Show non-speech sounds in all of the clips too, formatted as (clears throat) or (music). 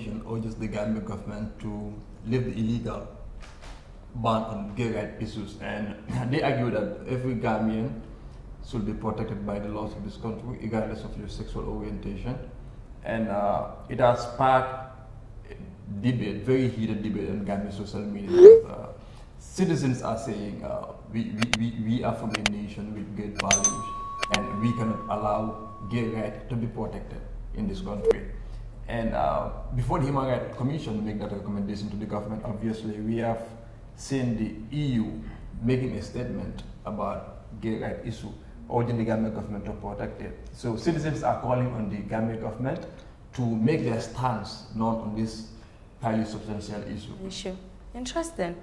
Commission urges the Gambia government to lift the illegal ban on gay rights issues and (clears throat) they argue that every Gambian should be protected by the laws of this country regardless of your sexual orientation and uh, it has sparked debate, very heated debate on Gambian social media. Uh, citizens are saying uh, we, we, we are from a nation with great values and we cannot allow gay rights to be protected in this country. And uh, before the Human Rights Commission make that recommendation to the government, obviously we have seen the EU making a statement about gay rights issue, urging the Gambian government to protect it. So citizens are calling on the Gambian government to make their stance known on this highly substantial issue. Issue. Interesting.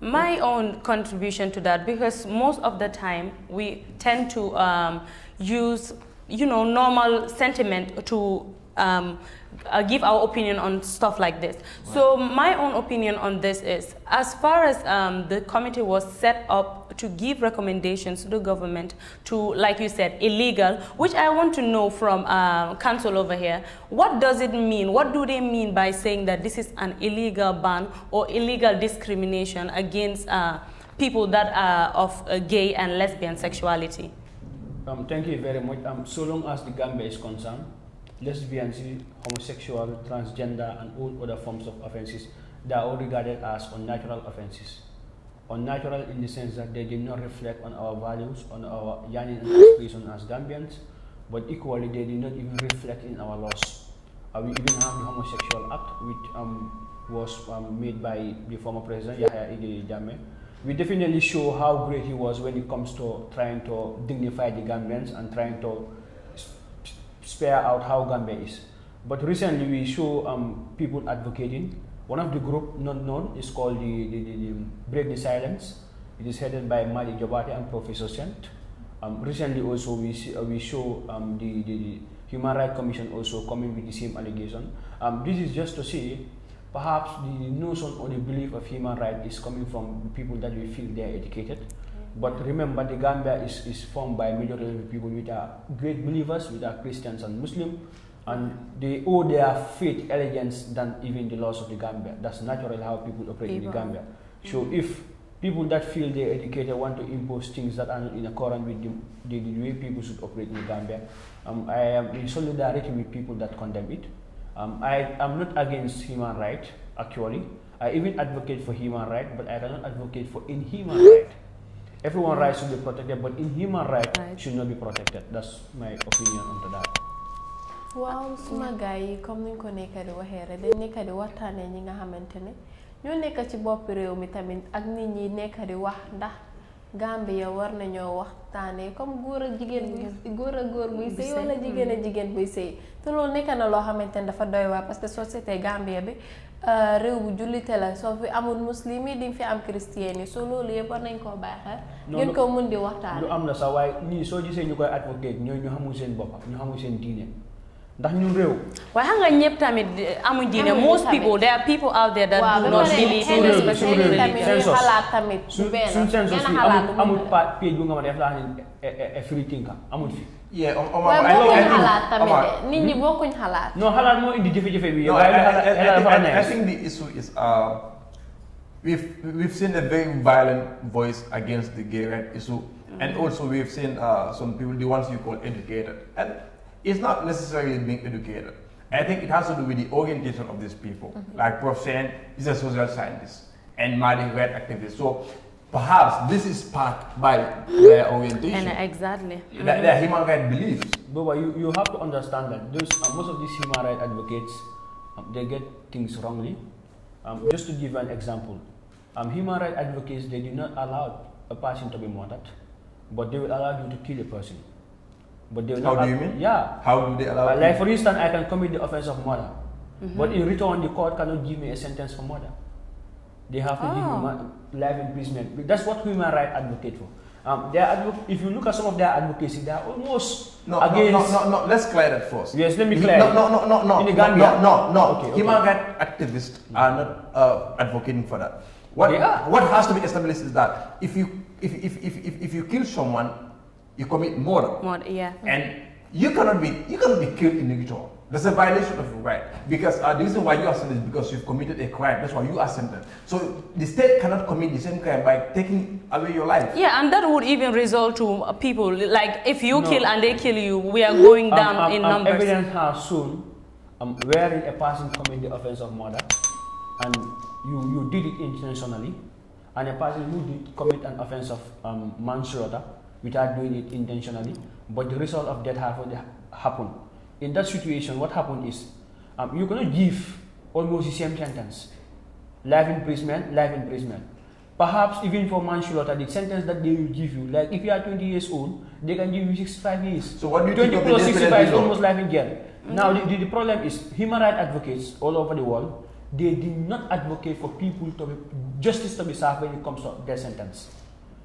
My own contribution to that, because most of the time we tend to um, use, you know, normal sentiment to um, uh, give our opinion on stuff like this. Wow. So my own opinion on this is, as far as um, the committee was set up to give recommendations to the government to, like you said, illegal, which I want to know from uh, council over here, what does it mean? What do they mean by saying that this is an illegal ban or illegal discrimination against uh, people that are of gay and lesbian sexuality? Um, thank you very much. Um, so long as the Gambia is concerned, lesbianism, homosexual, transgender, and all other forms of offenses they are all regarded as unnatural offenses. Unnatural in the sense that they did not reflect on our values, on our yearning and aspiration as Gambians, but equally they did not even reflect in our laws. Uh, we even have the homosexual act, which um, was um, made by the former president Yahya Idris We definitely show how great he was when it comes to trying to dignify the Gambians and trying to spare out how Gambia is. But recently we saw um, people advocating. One of the group not known is called the, the, the, the Break the Silence. It is headed by Mali Jabati and Professor Sent. Um, recently also we, see, uh, we show um, the, the, the, Human Rights Commission also coming with the same allegation. Um, this is just to say perhaps the notion or the belief of human rights is coming from people that we feel they are educated. But remember, the Gambia is, is formed by a majority of people which are great believers, which are Christians and Muslims, and they owe their faith allegiance than even the laws of the Gambia. That's natural how people operate people. in the Gambia. Mm. So if people that feel they're educated want to impose things that are in accordance with the, the, the, way people should operate in the Gambia, um, I am in solidarity with people that condemn it. Um, I am not against human rights, actually. I even advocate for human rights, but I cannot advocate for inhuman rights. everyone rights should be protected but in human rights right. should not be protected that's my opinion on that waaw suma gars yi comme niñ ko nekka di waxee rek dañ nekka di waxtaanee ñi nga xamante ne ñoo nekk ci bopp réew mi tamit ak nit ñi nekka di wax ndax Gambia war nañoo waxtaanee comme góor ak jigéen buy mm-hmm. góor ak góor buy sëy wala jigéen a mm-hmm. jigéen buy sëy te loolu nekk na loo xamante ne dafa doy waar parce que société Gambia bi euh, réew bu jullite la soo fi amul muslim yi di fi am christian yi soo loolu yëpp war nañ koo baaxal ngeen ko mun di waxtaan lu am na sax waaye ñii soo gisee ñu koy advocate ñooy ñu xamul seen boppam ñu xamul seen diine Why hang on? waaye xam nga ñëpp tamit amuñ most people there are people out there that do not believe in this particular religion xalaat tamit suñ census bi amul amul page bu nga ma def laa ne eh, eh, eh, free thinker amul fi yeah I? xalaat tamit nit ñi bokkuñ halat non xalaat moo indi jefe jafe bi I think the issue is uh, we've we've seen a very violent voice against the gay rights issue and mm. also we've seen uh, some people the ones you call educated and it's not necessarily being educated. I think it has to do with the orientation of these people. Mm-hmm. Like Prof. Sen is a social scientist and human Red activist. So perhaps this is sparked by their orientation. And exactly. Mm-hmm. Their, their human rights beliefs. But you, you have to understand that those, uh, most of these human rights advocates, um, they get things wrongly. Um, just to give an example, um, human rights advocates, they do not allow a person to be murdered, but they will allow you to kill a person. But they How do you mean? Yeah. How do they allow? Uh, like for instance, I can commit the offense of murder, mm-hmm. but in return the court cannot give me a sentence for murder. They have to oh. give me ah. life imprisonment. That's what human rights advocate for. Um, they are if you look at some of their advocacy, they are almost no, against. No, no, no, no. Let's clear that first. Yes, let me clear. No, no, no, no, no. In Uganda. No, no, no. no. Okay, okay. Human rights activists mm-hmm. are not uh, advocating for that. What, what has to be established is that if you if, if, if, if, if you kill someone you commit murder. Murder, yeah. And you cannot be you cannot be killed in Nigeria. That's a violation of your right. Because uh, the reason why you are sentenced is because you've committed a crime. That's why you are sentenced. So the state cannot commit the same crime by taking away your life. Yeah, and that would even result to uh, people like if you no. kill and they kill you, we are going um, down um, in um, numbers. Evidence has shown um, a person commit the offense of murder, and you you did it intentionally, and a person who did commit an offense of manslaughter without doing it intentionally, but the result of that happened. In that situation, what happened is um, you're going to give almost the same sentence life imprisonment, life imprisonment. Perhaps even for manslaughter, the sentence that they will give you, like if you are 20 years old, they can give you 65 years. So what do you 20 plus 65 is almost life in jail. Mm -hmm. Now the, the, the problem is human rights advocates all over the world, they did not advocate for people to be justice to be served when it comes to death sentence.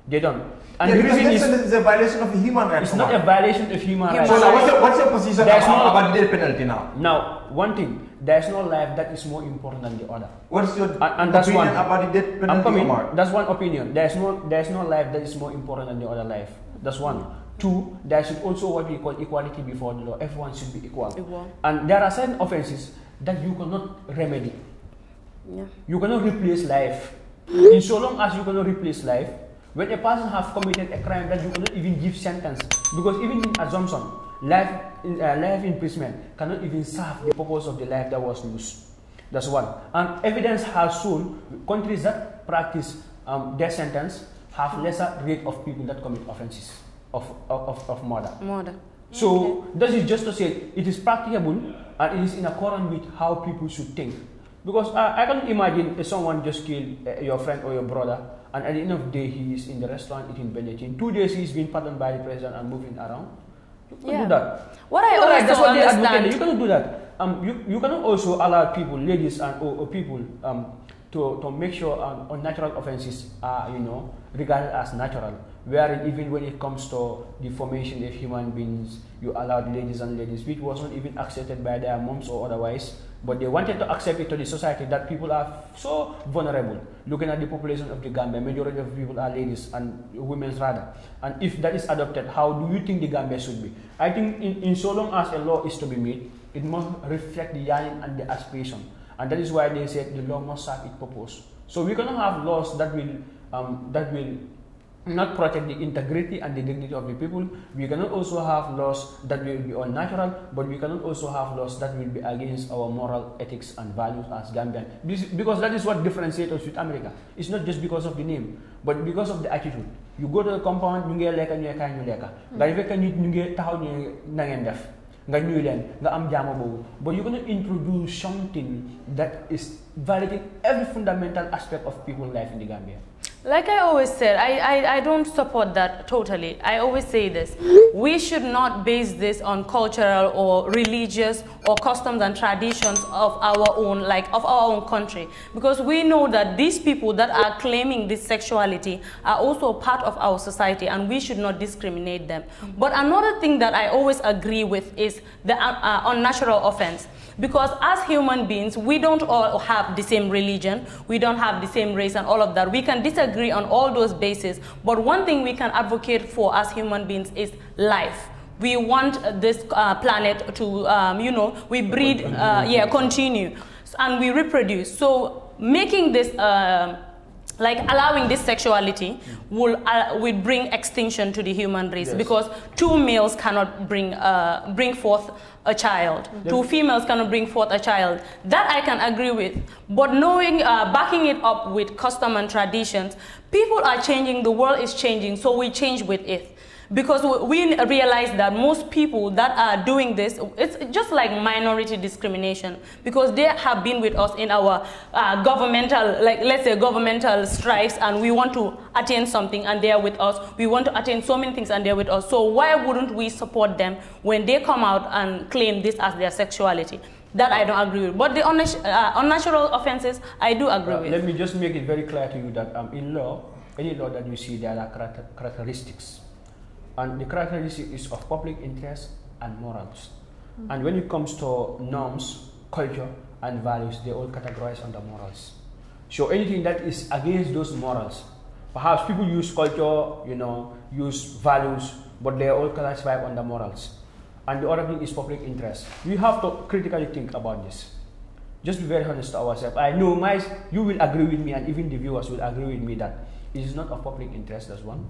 They don't. And yeah, the reason is, is a violation of human rights. It's not a violation of human rights. So what's your, what's your position there's about, no, about the death penalty now? Now, one thing, there's no life that is more important than the other. What's your and, and that's one, about the death penalty? Coming, Omar? That's one opinion. There's no there's no life that is more important than the other life. That's one. Two, there should also what we call equality before the law. Everyone should be equal. Equal. And there are certain offenses that you cannot remedy. Yeah. You cannot replace life. Hmm? In so long as you cannot replace life, when a person have committed a crime that you cannot even give sentence because even in assumption life in, uh, life imprisonment cannot even serve the purpose of the life that was lost that's one and evidence has shown countries that practice um, death sentence have lesser rate of people that commit offenses of, of, of murder murder so okay. this is just to say it is practicable and it is in accordance with how people should think because uh, I, I can imagine if someone just killed uh, your friend or your brother and at the end of the day, he's in the restaurant eating Benedictine. two days, he's been pardoned by the president and moving around. You can yeah. do that. What I always right, that's what understand. They You cannot do that. Um, you, you cannot also allow people, ladies and or, or people, um, to, to make sure um, unnatural offenses are, you know, regarded as natural where even when it comes to the formation of human beings, you allowed ladies and ladies, which was not even accepted by their moms or otherwise, but they wanted to accept it to the society that people are so vulnerable. Looking at the population of the Gambia, majority of people are ladies and women rather. And if that is adopted, how do you think the Gambia should be? I think in, in so long as a law is to be made, it must reflect the yearning and the aspiration. And that is why they said the law must serve its purpose. So we cannot have laws that will um, that will not protect the integrity and the dignity of the people. We cannot also have laws that will be unnatural, but we cannot also have laws that will be against our moral ethics and values as Gambian. because that is what differentiates us with America. It's not just because of the name, but because of the attitude. You go to a compound, you get lekka ñu lekka ñu lekka. nga hmm. fekk nit ñu ngee taxaw ñu na nga ñuy leen nga am jaama boobu but you gonna introduce something that is violating every fundamental aspect of people life in the Gambia. Like I always said, I, I, I don't support that totally. I always say this. We should not base this on cultural or religious or customs and traditions of our own, like of our own country. Because we know that these people that are claiming this sexuality are also part of our society and we should not discriminate them. But another thing that I always agree with is the uh, uh unnatural offense. Because as human beings, we don't all have the same religion, we don't have the same race, and all of that. We can disagree on all those bases, but one thing we can advocate for as human beings is life we want this uh, planet to, um, you know, we breed, uh, yeah, continue, and we reproduce. So making this uh, like allowing this sexuality will uh, will bring extinction to the human race yes. because two males cannot bring uh, bring forth a child mm-hmm. two females cannot bring forth a child that i can agree with but knowing uh, backing it up with custom and traditions people are changing the world is changing so we change with it because we realize that most people that are doing this, it's just like minority discrimination because they have been with us in our uh, governmental, like let's say governmental strikes and we want to attain something and they are with us. We want to attain so many things and they're with us. So why wouldn't we support them when they come out and claim this as their sexuality? That I don't agree with. But the unnatural, uh, unnatural offenses, I do agree uh, with. Let me just make it very clear to you that um, in law, any law that you see, there are characteristics and the characteristic is of public interest and morals. Mm. And when it comes to norms, culture, and values, they all categorize under morals. So anything that is against those morals, perhaps people use culture, you know, use values, but they all classify under morals. And the other thing is public interest. We have to critically think about this. Just be very honest to ourselves. I know my, you will agree with me, and even the viewers will agree with me that it is not of public interest, that's one.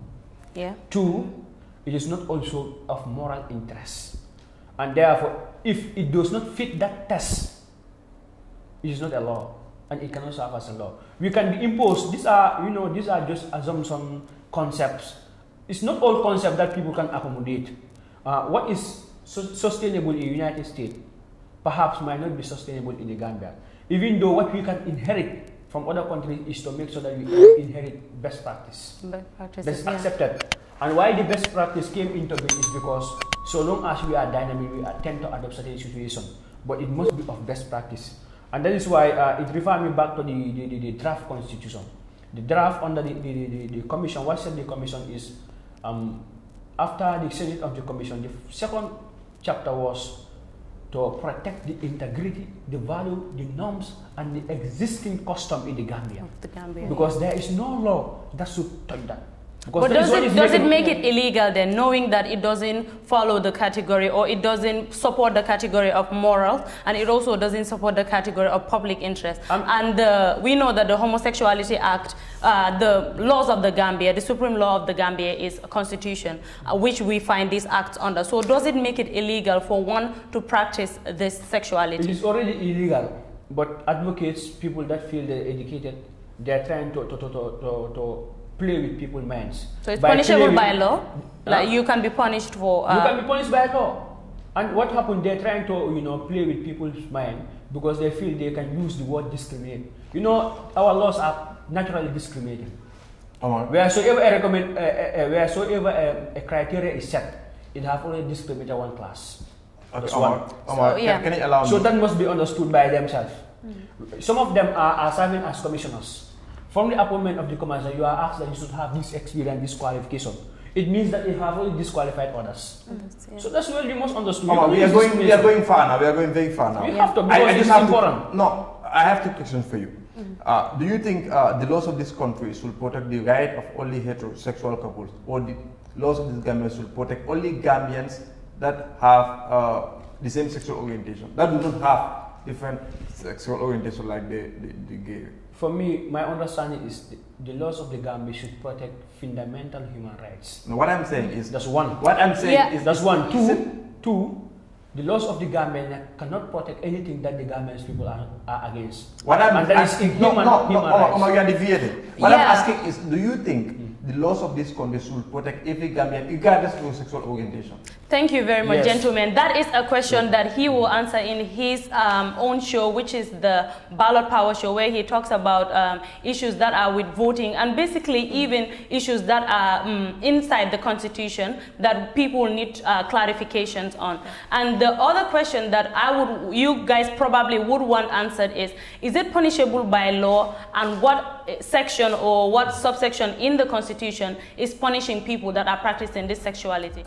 Yeah. Two, it is not also of moral interest. And therefore, if it does not fit that test, it is not a law and it cannot serve as a law. We can be imposed. These are, you know, these are just assumption concepts. It's not all concepts that people can accommodate. Uh, what is sustainable in the United States perhaps might not be sustainable in the Gambia. Even though what we can inherit from other countries is to make sure that we inherit best practice. Best practices, that's accepted. Yeah. And why the best practice came into being is because so long as we are dynamic, we tend to adopt certain situations. but it must be of best practice. And that is why uh, it refers me back to the, the, the, the, draft constitution. The draft under the, the, the, the commission, what said the commission is, um, after the Senate of the commission, the second chapter was to protect the integrity, the value, the norms, and the existing custom in the Gambia. The Gambia because there is no law that should touch that. Because but does it, does it make it illegal then, knowing that it doesn't follow the category or it doesn't support the category of moral and it also doesn't support the category of public interest? Um, and uh, we know that the Homosexuality Act, uh, the laws of the Gambia, the supreme law of the Gambia is a constitution, uh, which we find these acts under. So does it make it illegal for one to practice this sexuality? It's already illegal, but advocates, people that feel they're educated, they're trying to, to, to, to, to play with people's minds. So it's by punishable by law? Uh, like you can be punished for... Uh, you can be punished by law. And what happened, they're trying to, you know, play with people's mind because they feel they can use the word discriminate. You know, our laws are naturally discriminating. Where Wheresoever, a, a, criteria is set, it have only discriminated one class. Okay, one. Right. So, yeah. can, can so that must be understood by themselves. Mm Some of them are, are serving as commissioners. From the appointment of the commander, you are asked that you should have this experience, this qualification. It means that you have only disqualified others. So that's where you must understand. we are going. We are going far now. We are going very far now. We yeah. have to because I, I just have important. To, no, I have two questions for you. Mm-hmm. uh, do you think uh, the laws of this country should protect the right of only heterosexual couples, or the laws of this Gambia should protect only Gambians that have uh, the same sexual orientation, that do not have different sexual orientation like the, the, the gay? for me, my understanding is the, the laws of the Gambia should protect fundamental human rights. what I'm saying is that's one. What I'm saying yeah. is that's one. Two, two. The laws of the government cannot protect anything that the Gambian people are, are against. What I'm asking, is inhuman no, no, human no, oh, oh, rights. Oh, oh, you are deviated. What yeah. I'm asking is, do you think? Mm the laws of this country should protect every Gambian, regardless of sexual orientation. Thank you very much, yes. gentlemen. That is a question that he will answer in his um, own show, which is the Ballot Power Show, where he talks about um, issues that are with voting and basically even issues that are um, inside the Constitution that people need uh, clarifications on. And the other question that I would, you guys probably would want answered is, is it punishable by law and what section or what subsection in the Constitution is punishing people that are practicing this sexuality.